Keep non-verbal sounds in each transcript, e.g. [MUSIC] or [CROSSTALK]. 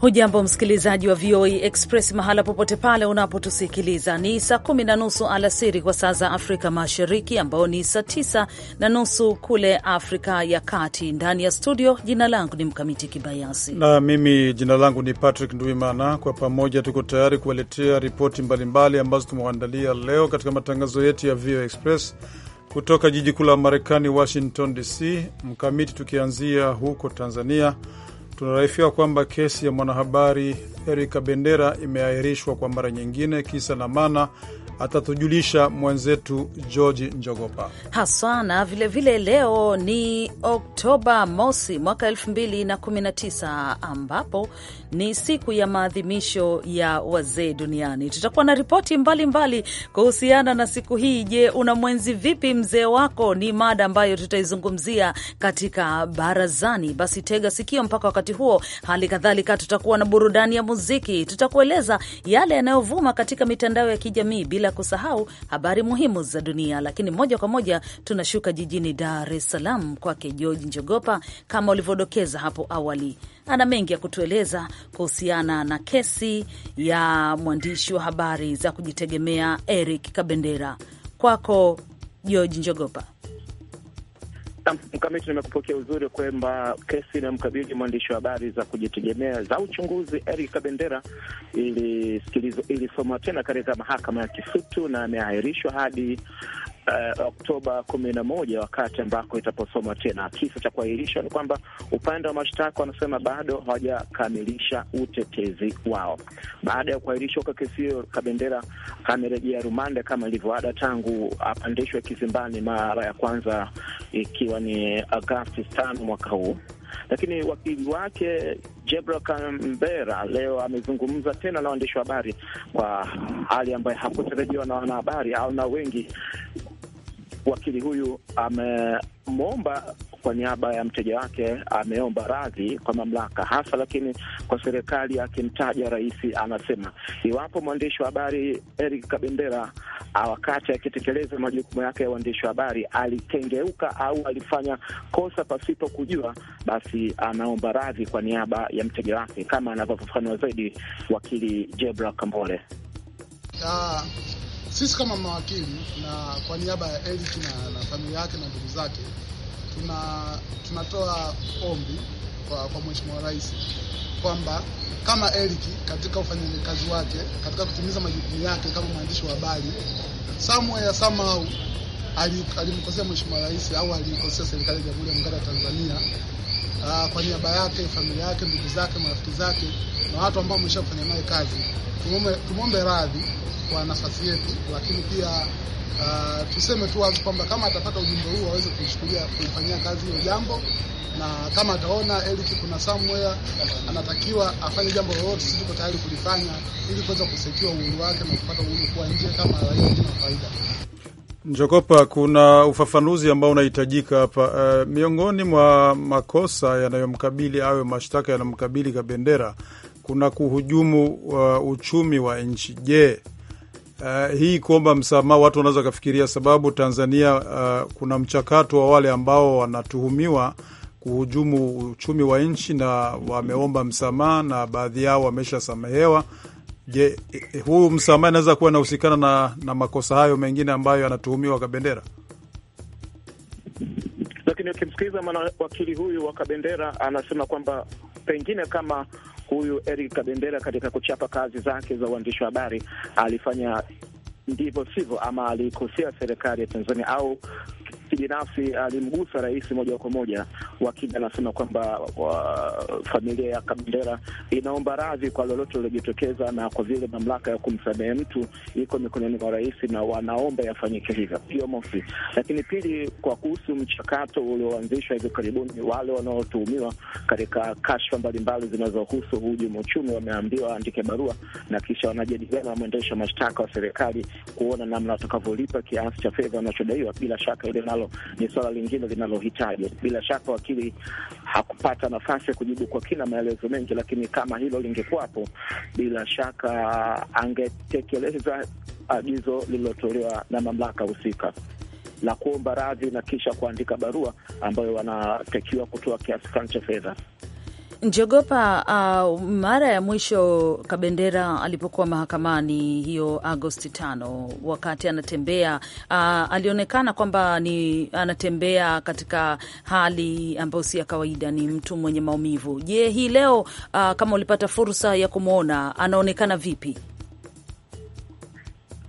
Hujambo msikilizaji wa VOA e Express mahala popote pale unapotusikiliza, ni saa kumi na nusu alasiri kwa saa za Afrika Mashariki, ambao ni saa tisa na nusu kule Afrika ya Kati. Ndani ya studio, jina langu ni Mkamiti Kibayasi na mimi jina langu ni Patrick Nduimana. Kwa pamoja tuko tayari kuwaletea ripoti mbalimbali ambazo tumewaandalia leo katika matangazo yetu ya VOA e Express kutoka jiji kuu la Marekani, Washington DC. Mkamiti, tukianzia huko Tanzania Tunaarifiwa kwamba kesi ya mwanahabari erika bendera imeahirishwa kwa mara nyingine, kisa na maana atatujulisha mwenzetu George Njogopa haswa. Na vilevile leo ni Oktoba mosi mwaka 2019 ambapo ni siku ya maadhimisho ya wazee duniani. Tutakuwa na ripoti mbalimbali kuhusiana na siku hii. Je, una mwenzi vipi mzee wako? Ni mada ambayo tutaizungumzia katika barazani. Basi tega sikio mpaka wakati huo. Hali kadhalika tutakuwa na burudani ya muziki, tutakueleza yale yanayovuma katika mitandao ya kijamii bila bila kusahau habari muhimu za dunia. Lakini moja kwa moja tunashuka jijini Dar es Salaam kwake George Njogopa. Kama ulivyodokeza hapo awali, ana mengi ya kutueleza kuhusiana na kesi ya mwandishi wa habari za kujitegemea Eric Kabendera. Kwako George Njogopa. Mkamiti, nimekupokea uzuri kwamba kesi inayomkabili mwandishi wa habari za kujitegemea za uchunguzi Eric Kabendera ilisomwa ili tena katika mahakama ya Kisutu na ameahirishwa hadi uh, Oktoba kumi na moja, wakati ambako itaposomwa tena. Kisa cha kuahirishwa ni kwamba upande wa mashtaka wanasema bado hawajakamilisha utetezi wao. Baada ya kuahirishwa kwa kesi hiyo, Kabendera amerejea rumanda kama ilivyoada tangu apandishwe kizimbani mara ya kwanza, ikiwa ni Agasti tano mwaka huu lakini wakili wake Jebra Kambera leo amezungumza tena na waandishi wa habari kwa hali ambayo hakutarajiwa na wanahabari au na wengi wakili huyu amemwomba kwa niaba ya mteja wake, ameomba radhi kwa mamlaka hasa, lakini kwa serikali, akimtaja rais, anasema iwapo mwandishi wa habari Eric Kabendera wakati akitekeleza majukumu yake ya uandishi wa habari alikengeuka au alifanya kosa pasipo kujua, basi anaomba radhi kwa niaba ya mteja wake, kama anavyofafanua zaidi wakili Jebra Kambole. Sisi kama mawakili na kwa niaba ya Eric na, na familia yake na ndugu zake tuna tunatoa ombi kwa, kwa Mheshimiwa Rais kwamba kama Eric katika ufanyaji wake katika kutimiza majukumu yake kama mwandishi wa habari somewhere somehow alimkosea Mheshimiwa Rais au alikosea serikali ya Jamhuri ya Muungano wa Tanzania aa, ah, kwa niaba yake, familia yake, ndugu zake, marafiki zake na watu ambao kufanya naye kazi, tumwombe radhi kwa nafasi yetu, lakini pia Uh, tuseme tu wazi kwamba kama atapata ujumbe huu aweze kuchukulia kuifanyia kazi hiyo jambo, na kama ataona Eric kuna somewhere anatakiwa afanye jambo lolote, sisi tuko tayari kulifanya ili kuweza kusekiwa uhuru wake na kupata uhuru kuwa nje kama raia wa kawaida njokopa kuna ufafanuzi ambao unahitajika hapa. Uh, miongoni mwa makosa yanayomkabili ayo mashtaka yanayomkabili Kabendera kuna kuhujumu uh, uchumi wa nchi. Je, uh, hii kuomba msamaha, watu wanaweza wakafikiria sababu Tanzania uh, kuna mchakato wa wale ambao wanatuhumiwa kuhujumu uchumi wa nchi na wameomba msamaha na baadhi yao wameshasamehewa Je, eh, huu msamaha anaweza kuwa inahusikana na, na makosa hayo mengine ambayo anatuhumiwa Kabendera? Lakini ukimsikiliza wakili huyu wa Kabendera anasema kwamba pengine kama huyu Eric Kabendera katika kuchapa kazi zake za uandishi wa habari alifanya ndivyo sivyo, ama alikosea serikali ya Tanzania au kibinafsi alimgusa uh, rais moja kwa moja. Wakili anasema kwamba uh, familia ya Kabendera inaomba radhi kwa lolote lilojitokeza, na kwa vile mamlaka ya kumsamehe mtu iko mikononi mwa rais na wanaomba yafanyike hivyo. Hiyo mosi, lakini pili, kwa kuhusu mchakato ulioanzishwa hivi karibuni, wale wanaotuhumiwa katika kashfa mbalimbali zinazohusu hujumu uchumi wameambiwa waandike barua na kisha wanajadiliana na mwendesha mashtaka wa serikali kuona namna watakavyolipa kiasi cha fedha wanachodaiwa. Bila shaka ile nalo ambalo ni swala lingine linalohitaji. Bila shaka wakili hakupata nafasi ya kujibu kwa kina maelezo mengi, lakini kama hilo lingekuwapo, bila shaka angetekeleza agizo lililotolewa na mamlaka husika la kuomba radhi na kisha kuandika barua ambayo wanatakiwa kutoa kiasi fulani cha fedha. Njogopa, uh, mara ya mwisho Kabendera alipokuwa mahakamani hiyo Agosti tano, wakati anatembea uh, alionekana kwamba ni anatembea katika hali ambayo si ya kawaida, ni mtu mwenye maumivu. Je, hii leo uh, kama ulipata fursa ya kumwona, anaonekana vipi?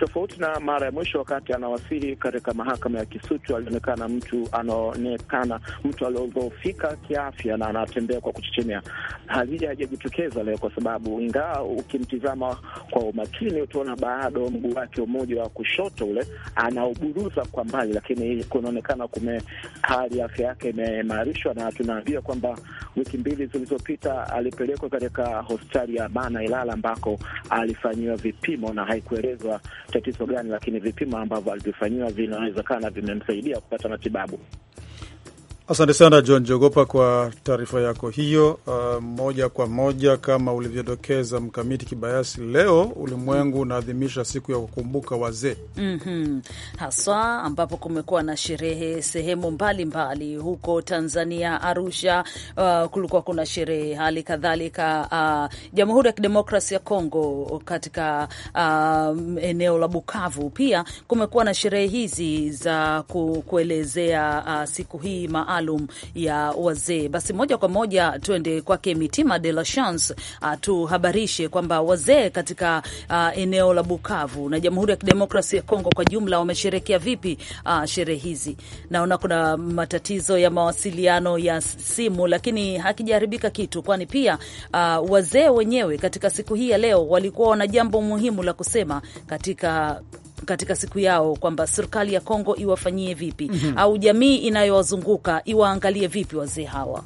tofauti na mara ya mwisho wakati anawasili katika mahakama ya Kisutu, alionekana mtu anaonekana mtu aliodhoofika kiafya na anatembea kwa kuchechemea. Hali hii haijajitokeza leo kwa sababu, ingawa ukimtizama kwa umakini utaona bado mguu wake mmoja wa kushoto ule anauburuza kwa mbali, lakini kunaonekana kume hali afya yake imeimarishwa, na tunaambia kwamba wiki mbili zilizopita alipelekwa katika hospitali ya Bana Ilala ambako alifanyiwa vipimo na haikuelezwa tatizo gani, lakini vipimo ambavyo alivyofanyiwa vinawezekana vimemsaidia kupata matibabu. Asante sana John Jogopa kwa taarifa yako hiyo. Uh, moja kwa moja kama ulivyodokeza Mkamiti Kibayasi, leo ulimwengu unaadhimisha siku ya kukumbuka wazee mm -hmm. haswa ambapo kumekuwa na sherehe sehemu mbalimbali mbali. Huko Tanzania, Arusha, uh, kulikuwa kuna sherehe, hali kadhalika uh, Jamhuri ya Kidemokrasi ya Kongo katika uh, eneo la Bukavu pia kumekuwa na sherehe hizi za kuelezea uh, siku hii maali maalum ya wazee. Basi moja kwa moja tuende kwake Mitima de la Chance atuhabarishe kwamba wazee katika uh, eneo la Bukavu na Jamhuri ya Kidemokrasia ya Kongo kwa jumla wamesherekea vipi uh, sherehe hizi. Naona kuna matatizo ya mawasiliano ya simu, lakini hakijaharibika kitu, kwani pia uh, wazee wenyewe katika siku hii ya leo walikuwa wana jambo muhimu la kusema katika katika siku yao kwamba serikali ya Kongo iwafanyie vipi, mm -hmm. au jamii inayowazunguka iwaangalie vipi wazee hawa.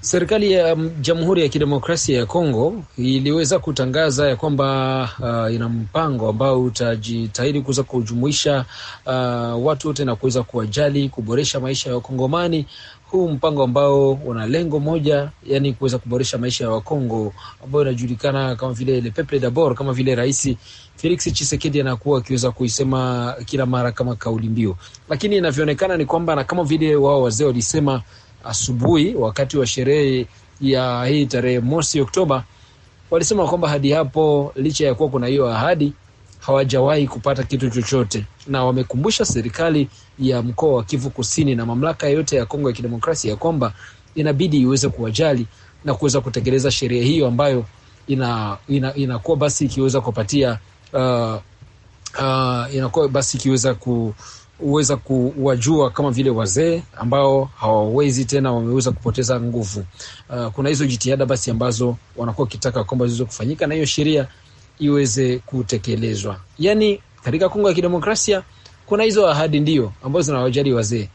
Serikali ya mm, Jamhuri ya Kidemokrasia ya Kongo iliweza kutangaza ya kwamba uh, ina mpango ambao utajitahidi kuweza kujumuisha uh, watu wote na kuweza kuwajali, kuboresha maisha ya Wakongomani huu mpango ambao una lengo moja, yani kuweza kuboresha maisha ya Wakongo ambayo inajulikana kama vile le peuple d'abord, kama vile Rais Felix Tshisekedi anakuwa akiweza kuisema kila mara kama kauli mbiu, lakini inavyoonekana ni kwamba, na kama vile wao wazee walisema asubuhi wakati wa sherehe ya hii tarehe mosi Oktoba, walisema kwamba hadi hapo, licha ya kuwa kuna hiyo ahadi hawajawahi kupata kitu chochote, na wamekumbusha serikali ya mkoa wa Kivu Kusini na mamlaka yote ya Kongo ya Kidemokrasia ya kwamba inabidi iweze kuwajali na kuweza kutekeleza sheria hiyo ambayo inakuwa ina, ina basi ikiweza kupatia uh, uh, inakuwa basi ikiweza ku uweza kuwajua kama vile wazee ambao hawawezi tena, wameweza kupoteza nguvu. Uh, kuna hizo jitihada basi ambazo wanakuwa wakitaka kwamba ziweze kufanyika na hiyo sheria iweze kutekelezwa. Yaani katika Kongo ya Kidemokrasia kuna hizo ahadi ndio ambazo zinawajali wazee,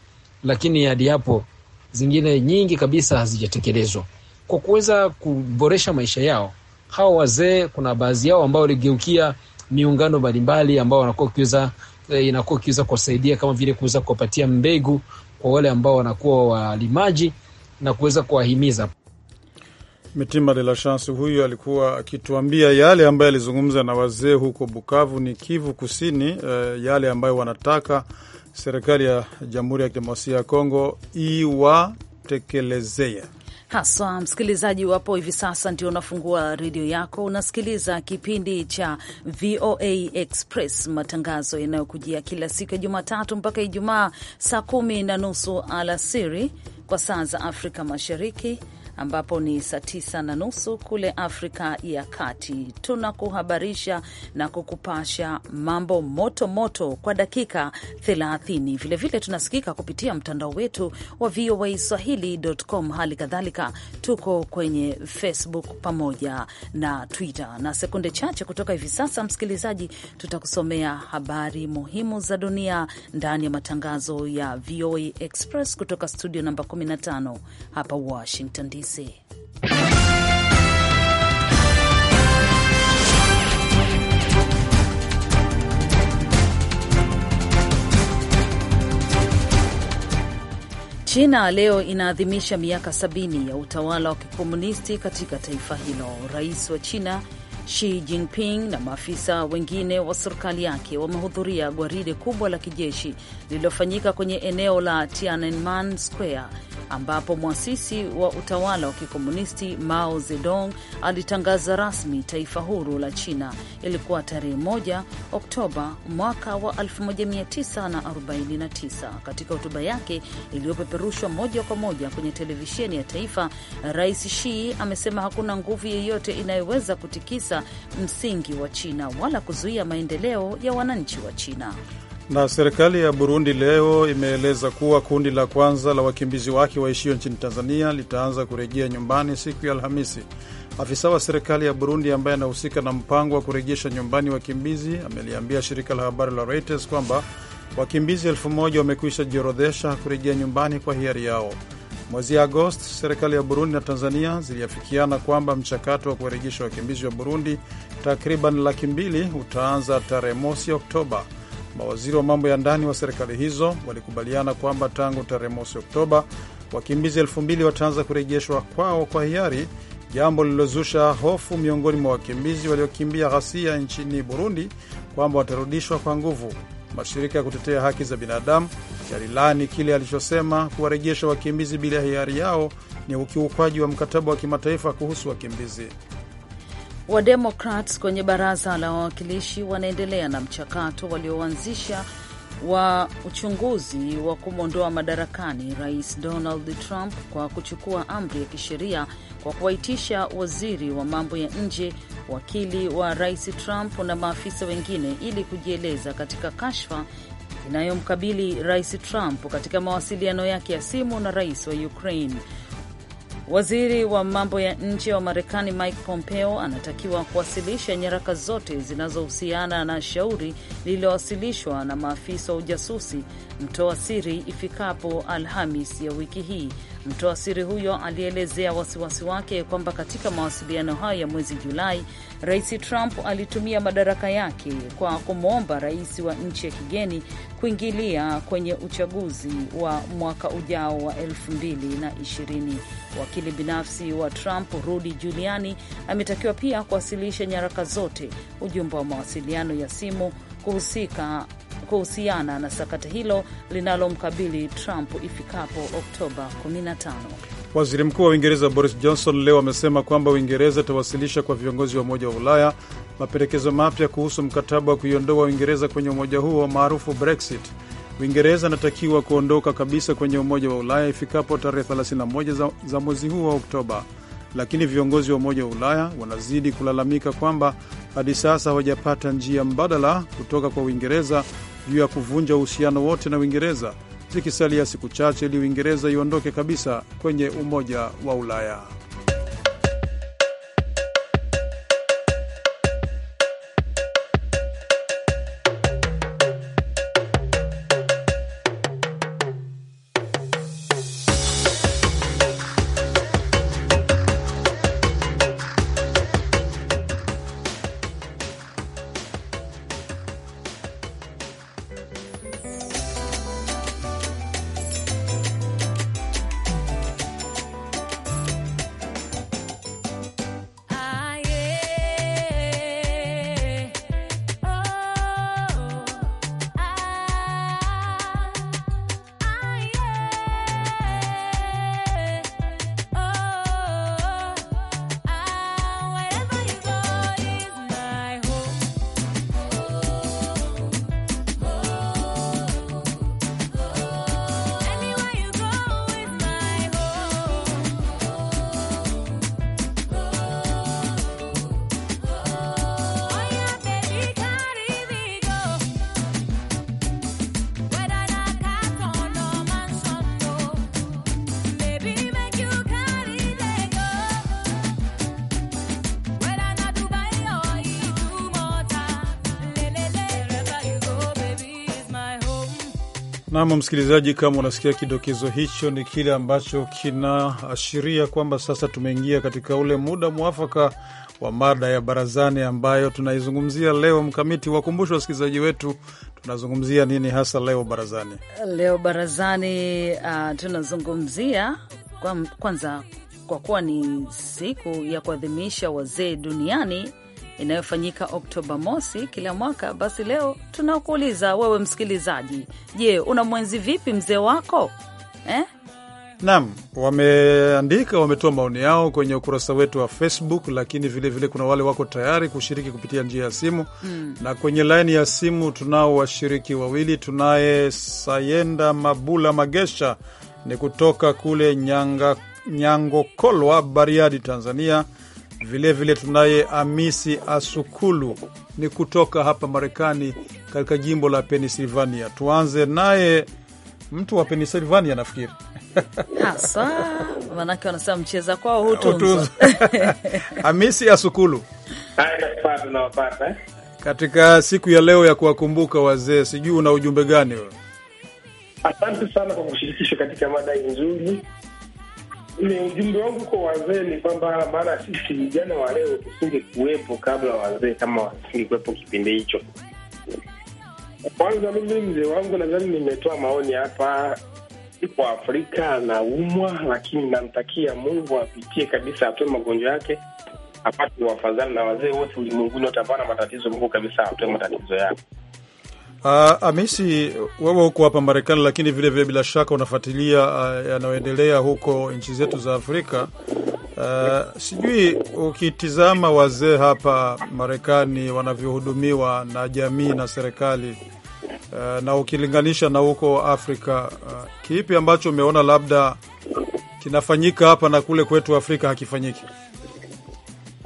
lakini hadi hapo zingine nyingi kabisa hazijatekelezwa. Kwa kuweza kuboresha maisha yao hawa wazee, kuna baadhi yao ambao waligeukia miungano mbalimbali ambao wanakuwa kiweza eh, inakuwa kiweza kuwasaidia kama vile kuweza kuwapatia mbegu kwa wale ambao wanakuwa walimaji na kuweza kuwahimiza. Mitima de la Chance huyu alikuwa akituambia yale ambayo alizungumza na wazee huko Bukavu ni Kivu Kusini, uh, yale ambayo wanataka serikali ya Jamhuri ya Kidemokrasia ya Kongo iwatekelezee haswa msikilizaji wapo hivi sasa ndio unafungua redio yako, unasikiliza kipindi cha VOA Express, matangazo yanayokujia kila siku ya Jumatatu mpaka Ijumaa saa kumi na nusu alasiri kwa saa za Afrika Mashariki ambapo ni saa tisa na nusu kule Afrika ya Kati. Tunakuhabarisha na kukupasha mambo moto moto kwa dakika 30. Vilevile tunasikika kupitia mtandao wetu wa VOA Swahili.com. Hali kadhalika tuko kwenye Facebook pamoja na Twitter, na sekunde chache kutoka hivi sasa, msikilizaji, tutakusomea habari muhimu za dunia ndani ya matangazo ya VOA Express kutoka studio namba 15 hapa Washington DC. Firenze. China leo inaadhimisha miaka sabini ya utawala wa kikomunisti katika taifa hilo. Rais wa China Xi Jinping na maafisa wengine wa serikali yake wamehudhuria gwaride kubwa la kijeshi lililofanyika kwenye eneo la Tiananmen Square ambapo mwasisi wa utawala wa kikomunisti Mao Zedong alitangaza rasmi taifa huru la China. Ilikuwa tarehe 1 Oktoba mwaka wa 1949. Katika hotuba yake iliyopeperushwa moja kwa moja kwenye televisheni ya taifa, Rais Xi amesema hakuna nguvu yeyote inayoweza kutikisa kufuata msingi wa China wala kuzuia maendeleo ya wananchi wa China. Na serikali ya Burundi leo imeeleza kuwa kundi la kwanza la wakimbizi wake waishio nchini Tanzania litaanza kurejea nyumbani siku ya Alhamisi. Afisa wa serikali ya Burundi ambaye anahusika na mpango wa kurejesha nyumbani wakimbizi ameliambia shirika la habari la Reuters kwamba wakimbizi elfu moja wamekwisha jiorodhesha kurejea nyumbani kwa hiari yao. Mwezi Agosti, serikali ya Burundi na Tanzania ziliafikiana kwamba mchakato wa kuwarejesha wakimbizi wa Burundi takriban laki mbili utaanza tarehe mosi Oktoba. Mawaziri wa mambo ya ndani wa serikali hizo walikubaliana kwamba tangu tarehe mosi Oktoba wakimbizi elfu mbili wataanza kurejeshwa kwao kwa hiari, jambo lililozusha hofu miongoni mwa wakimbizi waliokimbia ghasia nchini Burundi kwamba watarudishwa kwa nguvu. Mashirika ya kutetea haki za binadamu jarilani kile alichosema kuwarejesha wakimbizi bila hiari yao ni ukiukwaji wa mkataba wa kimataifa kuhusu wakimbizi. Wademokrat kwenye baraza la wawakilishi wanaendelea na mchakato walioanzisha wa uchunguzi wa kumwondoa madarakani Rais Donald Trump kwa kuchukua amri ya kisheria kwa kuwaitisha waziri wa mambo ya nje, wakili wa Rais Trump na maafisa wengine ili kujieleza katika kashfa inayomkabili Rais Trump katika mawasiliano yake ya simu na rais wa Ukraine. Waziri wa mambo ya nje wa Marekani Mike Pompeo anatakiwa kuwasilisha nyaraka zote zinazohusiana na shauri lililowasilishwa na maafisa wa ujasusi mtoa siri ifikapo Alhamis ya wiki hii Mtoa siri huyo alielezea wasiwasi wake kwamba katika mawasiliano hayo ya mwezi Julai, Rais Trump alitumia madaraka yake kwa kumwomba rais wa nchi ya kigeni kuingilia kwenye uchaguzi wa mwaka ujao wa 2020. Wakili binafsi wa Trump Rudy Giuliani ametakiwa pia kuwasilisha nyaraka zote, ujumbe wa mawasiliano ya simu, kuhusika kuhusiana na sakata hilo linalomkabili Trump ifikapo Oktoba 15. Waziri Mkuu wa Uingereza Boris Johnson leo amesema kwamba Uingereza itawasilisha kwa viongozi wa Umoja wa Ulaya mapendekezo mapya kuhusu mkataba wa kuiondoa Uingereza kwenye umoja huo maarufu Brexit. Uingereza anatakiwa kuondoka kabisa kwenye Umoja wa Ulaya ifikapo tarehe 31 za, za mwezi huu wa Oktoba lakini viongozi wa Umoja wa Ulaya wanazidi kulalamika kwamba hadi sasa hawajapata njia mbadala kutoka kwa Uingereza juu ya kuvunja uhusiano wote na Uingereza, zikisalia siku chache ili Uingereza iondoke kabisa kwenye Umoja wa Ulaya. Nam msikilizaji, kama unasikia kidokezo hicho, ni kile ambacho kinaashiria kwamba sasa tumeingia katika ule muda mwafaka wa mada ya barazani ambayo tunaizungumzia leo. Mkamiti, wakumbushe wasikilizaji wetu tunazungumzia nini hasa leo barazani? Leo barazani uh, tunazungumzia kwa, kwanza kwa kuwa ni siku ya kuadhimisha wazee duniani inayofanyika Oktoba mosi kila mwaka, basi leo tunakuuliza wewe msikilizaji, je, una mwenzi vipi mzee wako eh? Naam, wameandika wametoa maoni yao kwenye ukurasa wetu wa Facebook, lakini vilevile vile kuna wale wako tayari kushiriki kupitia njia ya simu mm. Na kwenye laini ya simu tunao washiriki wawili. Tunaye Sayenda Mabula Magesha, ni kutoka kule Nyanga, Nyangokolwa, Bariadi, Tanzania. Vilevile vile tunaye Amisi Asukulu ni kutoka hapa Marekani, katika jimbo la Pennsylvania. Tuanze naye mtu wa Pennsylvania nafikiri [LAUGHS] hasa manake wanasema mcheza kwao hutunzwa. [LAUGHS] Amisi Asukulu, eh? katika siku ya leo ya kuwakumbuka wazee, sijui una ujumbe gani wewe? Asante sana kwa kushirikishwa katika mada nzuri ni ujumbe wangu kwa wazee ni kwamba, maana sisi vijana wa leo kuwepo kabla wazee kama kuwepo kipindi hicho. Kwanza mimi mzee wangu nadhani nimetoa maoni hapa, iko Afrika anaumwa, lakini namtakia Mungu apitie kabisa, atoe magonjwa yake, apate wafadhali na wazee wote ulimwenguni wote ambao na matatizo, Mungu kabisa atoe matatizo yake. Uh, ah, ah, Amisi, wewe huko hapa Marekani, lakini vilevile vile bila shaka unafuatilia uh, yanayoendelea huko nchi zetu za Afrika. Uh, sijui ukitizama wazee hapa Marekani wanavyohudumiwa na jamii na serikali uh, na ukilinganisha na huko Afrika uh, kipi ambacho umeona labda kinafanyika hapa na kule kwetu Afrika hakifanyiki?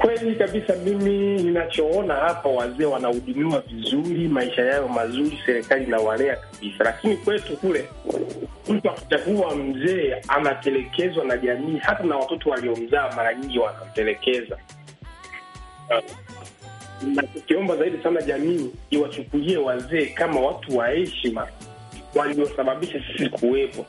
Kweli kabisa, mimi ninachoona hapa, wazee wanahudumiwa vizuri, maisha yao mazuri, serikali inawalea kabisa, lakini kwetu kule mtu akitakuwa mzee anatelekezwa na jamii, hata na watoto waliomzaa mara nyingi wanamtelekeza. Na tukiomba zaidi sana jamii iwachukulie wazee kama watu wa heshima waliosababisha sisi kuwepo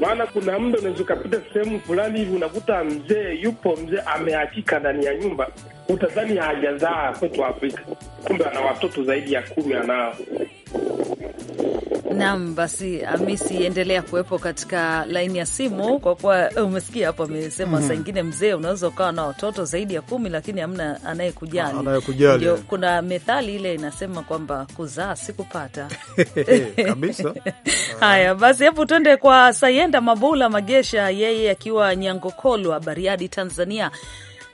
maana kuna muda unaweza ukapita sehemu fulani hivi unakuta mzee yupo, mzee ameachika ndani ya nyumba, utadhani hajazaa kwetu Afrika, kumbe ana watoto zaidi ya kumi anao. Naam, basi Amisi, endelea kuwepo katika laini ya simu, kwa kuwa eh, umesikia hapo amesema mm -hmm. Saa ingine mzee, unaweza ukawa na watoto zaidi ya kumi, lakini amna ah, anayekujali. Ndio kuna methali ile inasema kwamba kuzaa sikupata [LAUGHS] eh, kabisa. [LAUGHS] Haya basi, hebu tuende kwa Sayenda Mabula Magesha, yeye akiwa Nyangokolwa, Bariadi, Tanzania.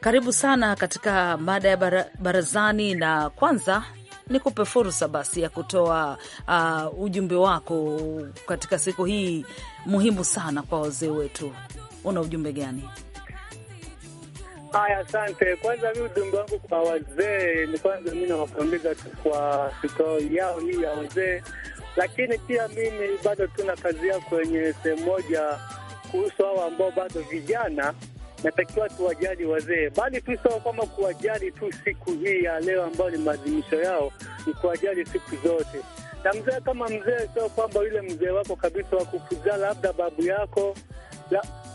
Karibu sana katika mada ya barazani, na kwanza nikupe fursa basi ya kutoa uh, ujumbe wako katika siku hii muhimu sana kwa wazee wetu. Una ujumbe gani? Haya, asante. Kwanza mi ujumbe wangu kwa wazee ni kwanza, mi nawapongeza kwa siku yao hii ya wazee, lakini pia mimi bado tuna kazi yao kwenye sehemu moja kuhusu hao ambao bado vijana natakiwa tuwajali wazee, bali tu sawa kwamba kuwajali tu siku hii ya leo ambayo ni maadhimisho yao, ni kuwajali siku zote. Na mzee kama mzee, sio kwamba yule mzee wako kabisa wakukuzaa labda babu yako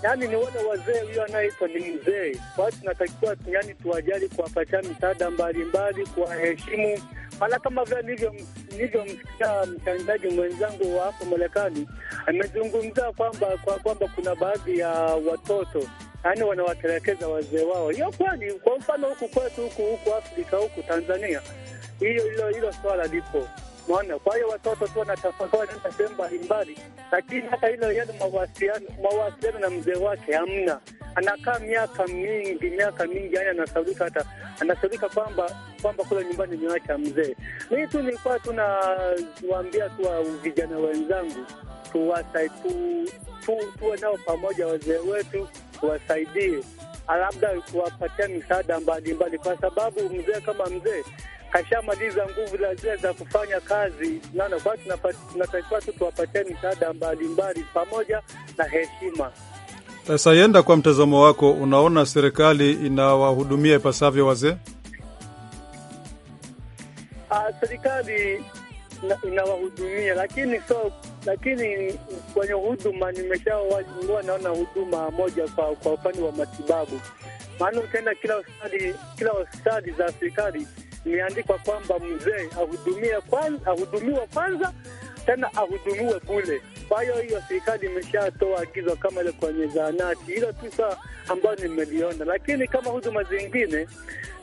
yani ni wale wazee, huyo anayeitwa ni mzee. Basi tunatakiwa yani tuwajali, kuwapatia misaada mbalimbali, kuwaheshimu, mala kama vile nilivyomsikia mchangaji mwenzangu wa hapo Marekani amezungumza kwamba kwamba kuna baadhi ya watoto yaani wanawatelekeza wazee wao. Hiyo kweli, kwa mfano huku kwetu huku huku Afrika huku Tanzania, hiyo hilo hilo swala lipo. Umeona? Kwa hiyo watoto tu wanatafakari hata sehemu mbalimbali, lakini hata ile yale mawasiliano mawasiliano na mzee wake hamna. Anakaa miaka mingi miaka mingi, yani anasaulika, hata anasaulika kwamba kwamba kule nyumbani ni nimeacha mzee. Mimi tu nilikuwa tu nawaambia tu vijana wenzangu tuwasai tu, tu, tuwe nao pamoja, wazee wetu tuwasaidie, labda kuwapatia misaada mbalimbali, kwa sababu mzee kama mzee kashamaliza nguvu zile za kufanya kazi, naona kwa tunatakiwa tu tuwapatie misaada mbalimbali pamoja na heshima. Sasa yenda kwa mtazamo wako, unaona serikali inawahudumia ipasavyo wazee? Ah, serikali inawahudumia, lakini so lakini kwenye huduma nimeshawa naona huduma moja kwa upande wa matibabu maana ukienda kila hospitali kila hospitali za serikali imeandikwa kwamba mzee ahudumiwe kwanza, ahudumiwe kwanza tena ahudumiwe bule. Kwa hiyo hiyo serikali imeshatoa agizo kama ile kwenye zahanati, hilo tu saa ambayo nimeliona, lakini kama huduma zingine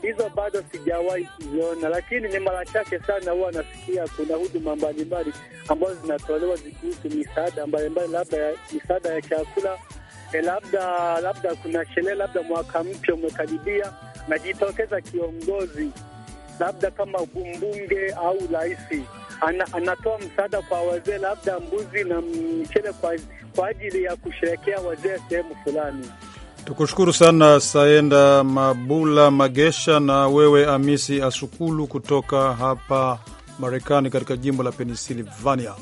hizo bado sijawahi kuziona, lakini ni mara chache sana huwa nasikia kuna huduma mbalimbali ambazo zinatolewa zikuhusu misaada mbalimbali, labda misaada ya chakula e, labda labda kuna sherehe, labda mwaka mpya umekaribia, najitokeza kiongozi labda kama mbunge au rais ana, anatoa msaada kwa wazee, labda mbuzi na mchele kwa, kwa ajili ya kusherekea wazee sehemu fulani. Tukushukuru sana Saenda Mabula Magesha na wewe Amisi Asukulu kutoka hapa Marekani katika jimbo la Pennsylvania.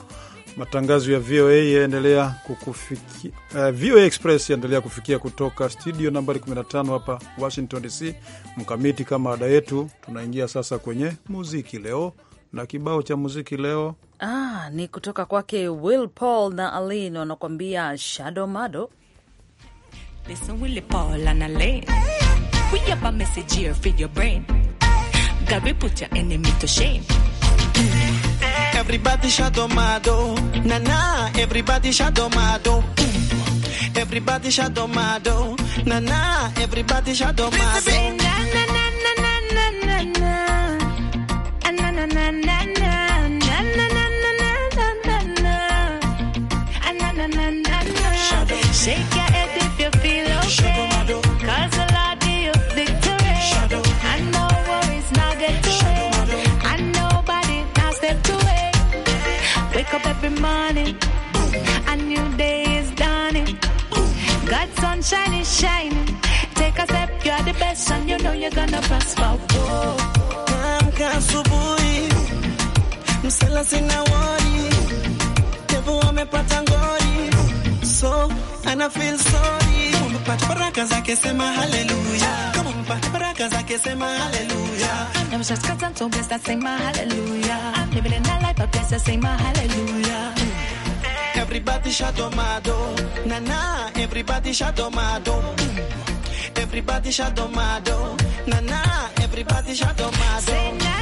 Matangazo ya VOA yaendelea kukufikia, uh, VOA Express yaendelea kufikia kutoka studio nambari 15 hapa Washington DC. Mkamiti, kama ada yetu, tunaingia sasa kwenye muziki leo, na kibao cha muziki leo ah, ni kutoka kwake Will Paul na Aline wanakuambia Shadow Mado. Listen, Will Paul and we have a message here for your brain. put your enemy to shame. Everybody shadomado, na na. Everybody shadomado. Everybody shadomado, na na. Everybody shadomado. Na na. every morning. A new day is dawning. God's sunshine is shining. Take a step, you're the best, and you know you're gonna prosper. Amka asubuhi, msela sina wori, devu amepata ngori, so and I feel sorry kumpa baraka zake sema haleluya, kumpa baraka zake sema haleluya. Namshakaza mtu blessa sema haleluya, amebele na life blessa sema haleluya. Everybody shout omado, na na everybody shout omado. Everybody shout omado, na na everybody shout omado.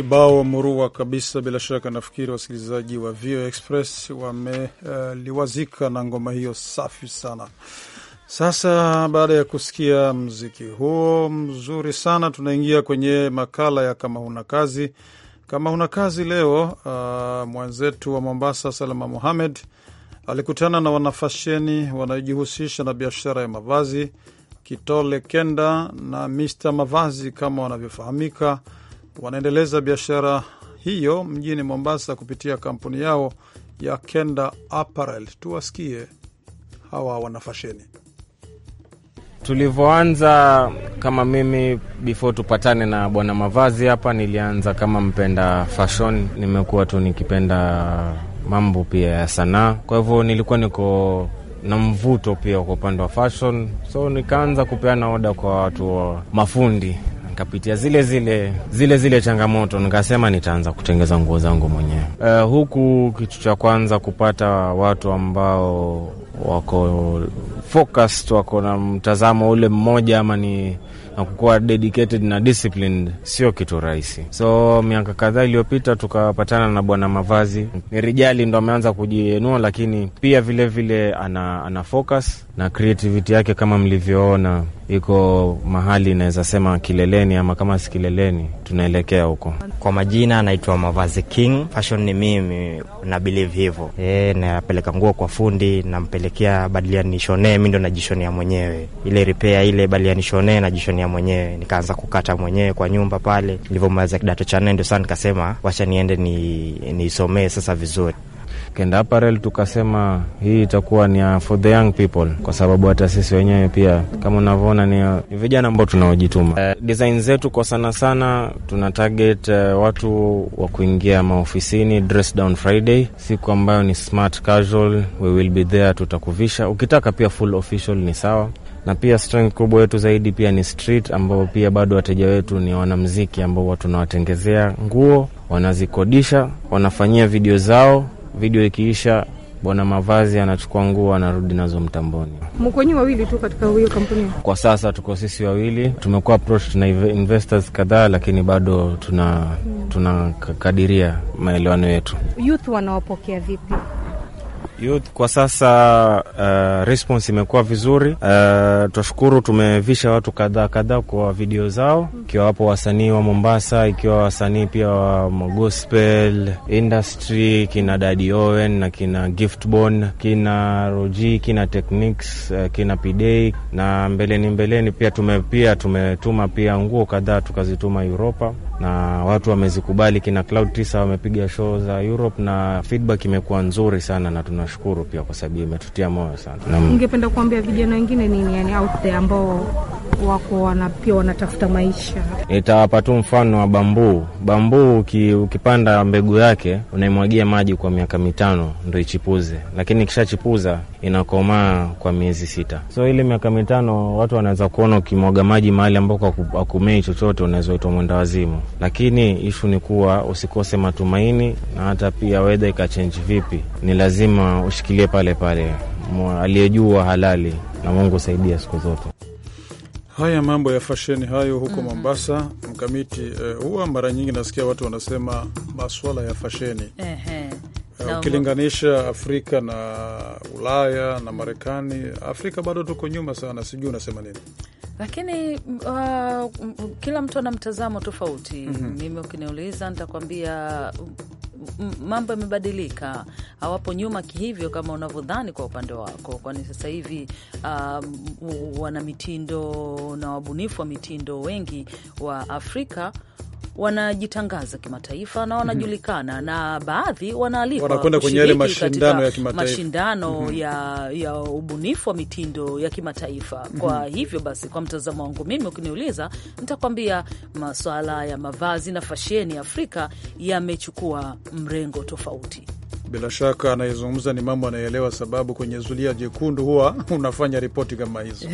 Kibao murua kabisa. Bila shaka, nafikiri wasikilizaji wa VO Express wameliwazika uh, na ngoma hiyo safi sana. Sasa baada ya kusikia mziki huo mzuri sana, tunaingia kwenye makala ya kama huna kazi. Kama huna kazi leo, uh, mwenzetu wa Mombasa Salama muhamed alikutana na wanafasheni wanaojihusisha na biashara ya mavazi Kitole Kenda na Mr Mavazi kama wanavyofahamika wanaendeleza biashara hiyo mjini Mombasa kupitia kampuni yao ya Kenda Apparel. Tuwasikie hawa wanafasheni. Tulivyoanza kama mimi, before tupatane na bwana mavazi hapa, nilianza kama mpenda fashion, nimekuwa tu nikipenda mambo pia ya sanaa, kwa hivyo nilikuwa niko na mvuto pia kwa upande wa fashion, so nikaanza kupeana oda kwa watu wa mafundi nikapitia zile zile zile zile changamoto, nikasema nitaanza kutengeza nguo zangu mwenyewe. Uh, huku kitu cha kwanza kupata watu ambao wako focused, wako na mtazamo ule mmoja ama ni na kukuwa dedicated na disciplined sio kitu rahisi. So miaka kadhaa iliyopita tukapatana na bwana mavazi ni Rijali, ndo ameanza kujienua, lakini pia vilevile vile ana, ana focus na creativity yake kama mlivyoona iko mahali inaweza sema kileleni ama kama si kileleni, tunaelekea huko. Kwa majina anaitwa Mavazi King. Fashion ni mimi na believe hivyo. E, napeleka nguo kwa fundi, nampelekea badilianishonee, mi ndo najishonea mwenyewe ile repair ile badilianishonee, najishonea mwenyewe. Nikaanza kukata mwenyewe kwa nyumba pale. Nilivyomaliza kidato cha nne, ndio saa nikasema wacha niende nisomee ni sasa vizuri Kenda aparel tukasema hii itakuwa ni for the young people, kwa sababu hata sisi wenyewe pia kama unavyoona ni vijana ambao tunaojituma. Uh, design zetu kwa sana sana tuna target uh, watu wa kuingia maofisini, dress down Friday, siku ambayo ni smart casual, we will be there, tutakuvisha. Ukitaka pia full official ni sawa na pia strength kubwa yetu zaidi pia ni street, ambao pia bado wateja wetu ni wanamziki ambao tunawatengezea nguo, wanazikodisha, wanafanyia video zao Video ikiisha, bwana mavazi anachukua nguo anarudi nazo mtamboni. Mko nyinyi wawili tu katika hiyo kampuni kwa sasa? Tuko sisi wawili, tumekuwa approach na investors kadhaa, lakini bado tuna hmm, tunakadiria maelewano yetu. Youth wanawapokea vipi? Youth kwa sasa uh, response imekuwa vizuri uh, twashukuru. Tumevisha watu kadhaa kadhaa kwa video zao, ikiwa wapo wasanii wa Mombasa, ikiwa wasanii pia wa gospel industry, kina Daddy Owen na kina Giftborn, kina Roji, kina Techniques, uh, kina Pidei na mbeleni mbeleni pia tume pia tumetuma pia nguo kadhaa tukazituma Europa na watu wamezikubali. Kina Cloud tisa wamepiga show za Europe na feedback imekuwa nzuri sana na tuna tunashukuru pia kwa sababu imetutia moyo sana. Ningependa kuambia vijana wengine nini, yani out there ambao wako wana, pia wanatafuta maisha. Nitawapa tu mfano wa bambuu. Bambuu ukipanda mbegu yake unaimwagia maji kwa miaka mitano ndo ichipuze, lakini ikishachipuza inakomaa kwa miezi sita. So ile miaka mitano watu wanaweza kuona ukimwaga maji mahali ambako akumei chochote, unaweza itwa mwenda wazimu, lakini ishu ni kuwa usikose matumaini, na hata pia wedha ikachenji vipi, ni lazima ushikilie pale pale aliyejua halali na Mungu saidia siku zote. Haya mambo ya fasheni hayo huko mm -hmm. Mombasa mkamiti eh, huwa mara nyingi nasikia watu wanasema maswala ya fasheni eh, uh, ukilinganisha Afrika na Ulaya na Marekani, Afrika bado tuko nyuma sana, sijui unasema nini lakini uh, kila mtu ana mtazamo tofauti. mm -hmm. Mimi ukiniuliza, nitakwambia mambo yamebadilika, hawapo nyuma kihivyo kama unavyodhani kwa upande wako, kwani sasa hivi uh, wana mitindo na wabunifu wa mitindo wengi wa Afrika wanajitangaza kimataifa na wanajulikana mm -hmm. na baadhi wanaalikwa wanakwenda kwenye yale mashindano ya kimataifa, mashindano mm -hmm. ya, ya ubunifu wa mitindo ya kimataifa mhm. kwa mm -hmm. hivyo basi, kwa mtazamo wangu mimi, ukiniuliza, nitakwambia maswala ya mavazi na fasheni Afrika yamechukua mrengo tofauti. Bila shaka anayezungumza ni mambo anayeelewa, sababu kwenye zulia jekundu huwa [LAUGHS] unafanya ripoti kama hizo.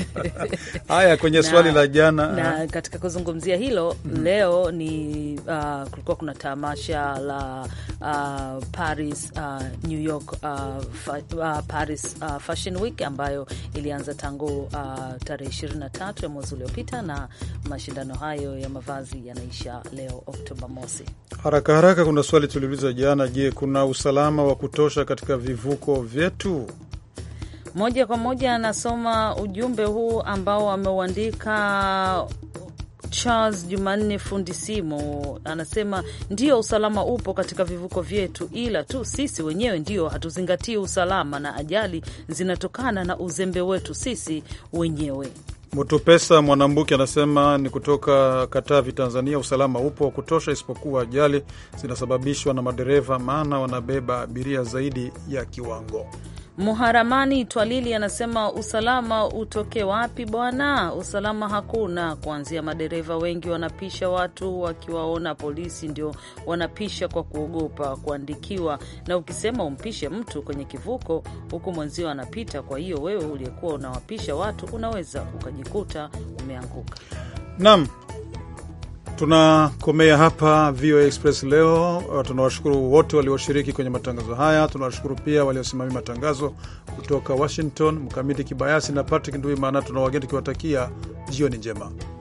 [LAUGHS] Haya, kwenye na, swali la jana na katika kuzungumzia hilo mm -hmm. Leo ni uh, kulikuwa kuna tamasha la uh, Paris uh, New York uh, fa, uh, Paris uh, Fashion Week ambayo ilianza tangu uh, tarehe 23 ya mwezi uliopita, na mashindano hayo ya mavazi yanaisha leo Oktoba mosi. Haraka haraka, kuna swali tuliuliza jana. Je, kuna usalama wa kutosha katika vivuko vyetu? Moja kwa moja anasoma ujumbe huu ambao ameuandika Charles Jumanne fundi simu anasema ndio, usalama upo katika vivuko vyetu, ila tu sisi wenyewe ndio hatuzingatii usalama na ajali zinatokana na uzembe wetu sisi wenyewe. Mutupesa Mwanambuki anasema ni kutoka Katavi, Tanzania. Usalama upo wa kutosha, isipokuwa ajali zinasababishwa na madereva, maana wanabeba abiria zaidi ya kiwango. Muharamani Twalili anasema usalama utoke wapi bwana? Usalama hakuna, kuanzia madereva wengi wanapisha watu wakiwaona polisi ndio wanapisha kwa kuogopa kuandikiwa, na ukisema umpishe mtu kwenye kivuko huku mwenzio anapita, kwa hiyo wewe uliyekuwa unawapisha watu unaweza ukajikuta umeanguka. Naam. Tunakomea hapa VOA Express leo. Tunawashukuru wote walioshiriki kwenye matangazo haya. Tunawashukuru pia waliosimamia matangazo kutoka Washington, Mkamiti Kibayasi na Patrick Nduimana. Tunawageni tukiwatakia jioni njema.